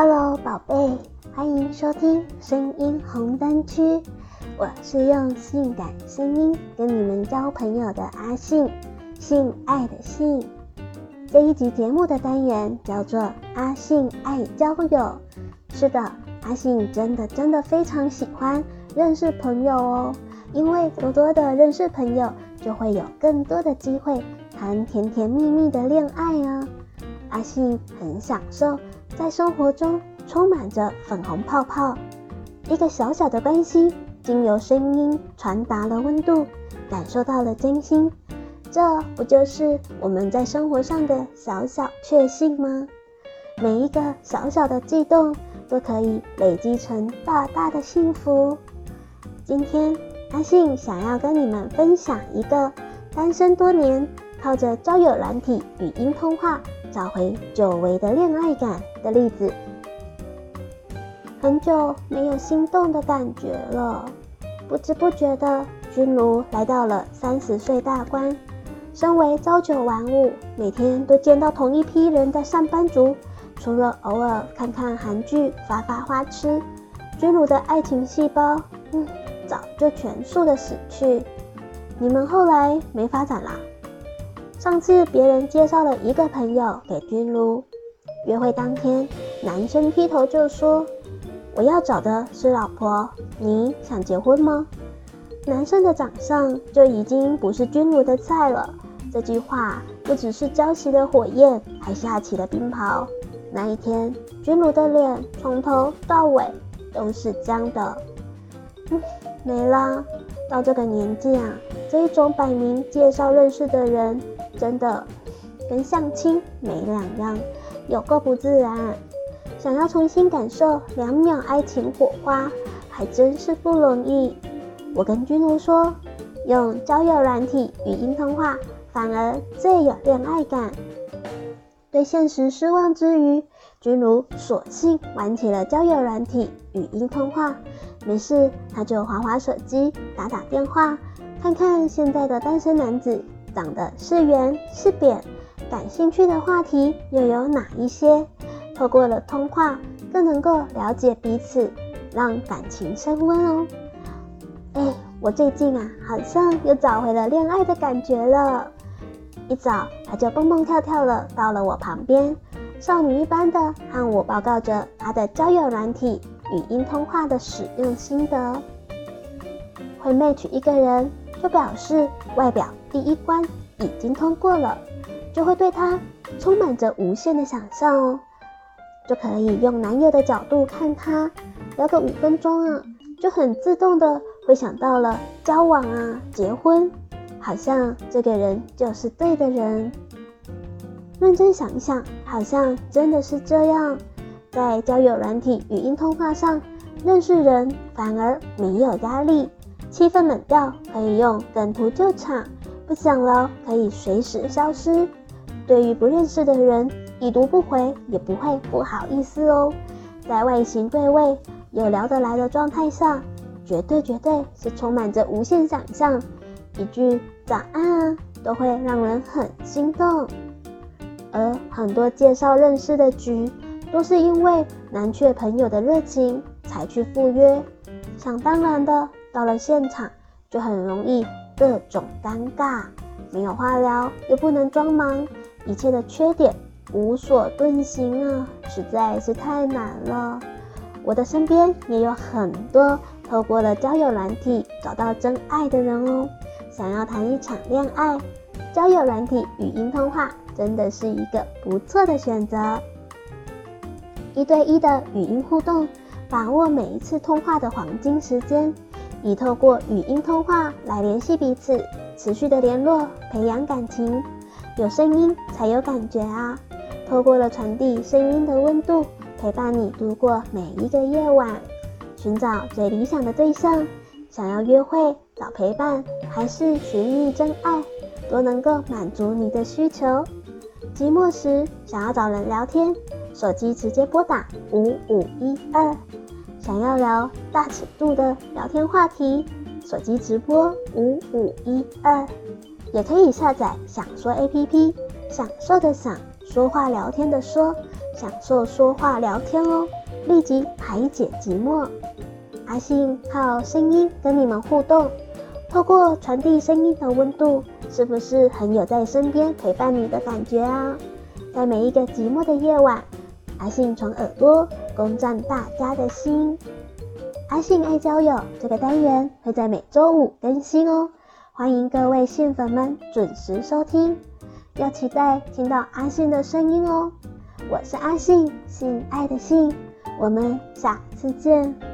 哈嘍，寶貝，歡迎收聽聲音紅燈區。我是用性感聲音跟你們交朋友的阿性，性愛的性。這一集節目的單元叫做阿性愛交友。是的，阿性真的真的非常喜歡認識朋友哦，因為多多的認識朋友，就會有更多的機會談甜甜蜜蜜的戀愛哦。阿性很享受。在生活中充滿着粉紅泡泡，一個小小的關心經由聲音傳達了溫度，感受到了真心，這不就是我們在生活上的小小確幸嗎？每一個小小的悸動都可以累積成大大的幸福。今天阿性想要跟你們分享一個單身多年，靠着交友軟體語音通話。找回久違的戀愛感的例子。很久沒有心動的感覺了，不知不覺的，君如來到了三十歲大關。身為朝九晚五、每天都見到同一批人的上班族，除了偶爾看看韓劇發發花痴，君如的愛情細胞，嗯，早就全數的死去。你們後來沒發展啦？上次別人介紹了一個朋友給君如，約會當天，男生劈頭就說：“我要找的是老婆，你想結婚嗎？”男生的長相就已經不是君如的菜了。這句話不只是澆熄了火焰，還下起了冰雹。那一天，君如的臉從頭到尾都是僵的。沒了，到這個年紀啊，這一種擺明介紹認識的人。真的跟相親沒兩樣，有夠不自然。想要重新感受兩秒愛情火花，還真是不容易。我跟君如說，用交友軟體語音通話，反而最有戀愛感。對現實失望之餘，君如索性玩起了交友軟體語音通話。沒事，他就滑滑手機，打打電話，看看現在的單身男子。長得是圓是扁，感興趣的話題又有哪一些？透過了通話，更能夠了解彼此，讓感情升溫哦。哎，我最近啊，好像又找回了戀愛的感覺了。一早他就蹦蹦跳跳的到了我旁邊，少女一般的和我報告着他的交友軟體語音通話的使用心得。會 match 一個人，就表示外表。第一關已經通過了，就會對他充滿着無限的想象哦。就可以用男友的角度看他，聊個五分鐘啊，就很自動的會想到了交往啊、結婚，好像這個人就是對的人。認真想一想，好像真的是這樣。在交友軟體語音通話上認識人，反而沒有壓力，氣氛冷掉可以用梗圖救場。不想了，可以隨時消失。對於不認識的人，已讀不回也不會不好意思哦。在外形對位又聊得來的狀態下，絕對絕對是充滿着無限想象。一句早安啊，都會讓人很心動。而很多介紹認識的局，都是因為難卻朋友的熱情才去赴約，想當然的到了現場就很容易。各種尷尬，沒有話聊，又不能裝忙，一切的缺點無所遁形啊，實在是太難了。我的身邊也有很多透過了交友軟體找到真愛的人哦。想要談一場戀愛，交友軟體語音通話真的是一個不錯的選擇。一對一的語音互動，把握每一次通話的黃金時間。以透過語音通話來聯繫彼此，持續的聯絡培養感情，有聲音才有感覺啊！透過了傳遞聲音的溫度，陪伴你度過每一個夜晚，尋找最理想的對象，想要約會找陪伴，還是尋覓真愛，都能夠滿足你的需求。寂寞時想要找人聊天，手機直接撥打五五一二。想要聊大尺度的聊天話題，手機直撥五五一二，也可以下載“享說 ”APP，享受的享說話聊天的說，享受說話聊天哦，立即排解寂寞。阿性靠聲音跟你們互動，透過傳遞聲音的溫度，是不是很有在身邊陪伴你的感覺啊？在每一個寂寞的夜晚。阿性從耳朵，攻佔大家的心。阿性愛交友，這個單元會在每週五更新哦，歡迎各位性粉們準時收聽，要期待聽到阿性的聲音哦。我是阿性，性愛的性，我們下次見。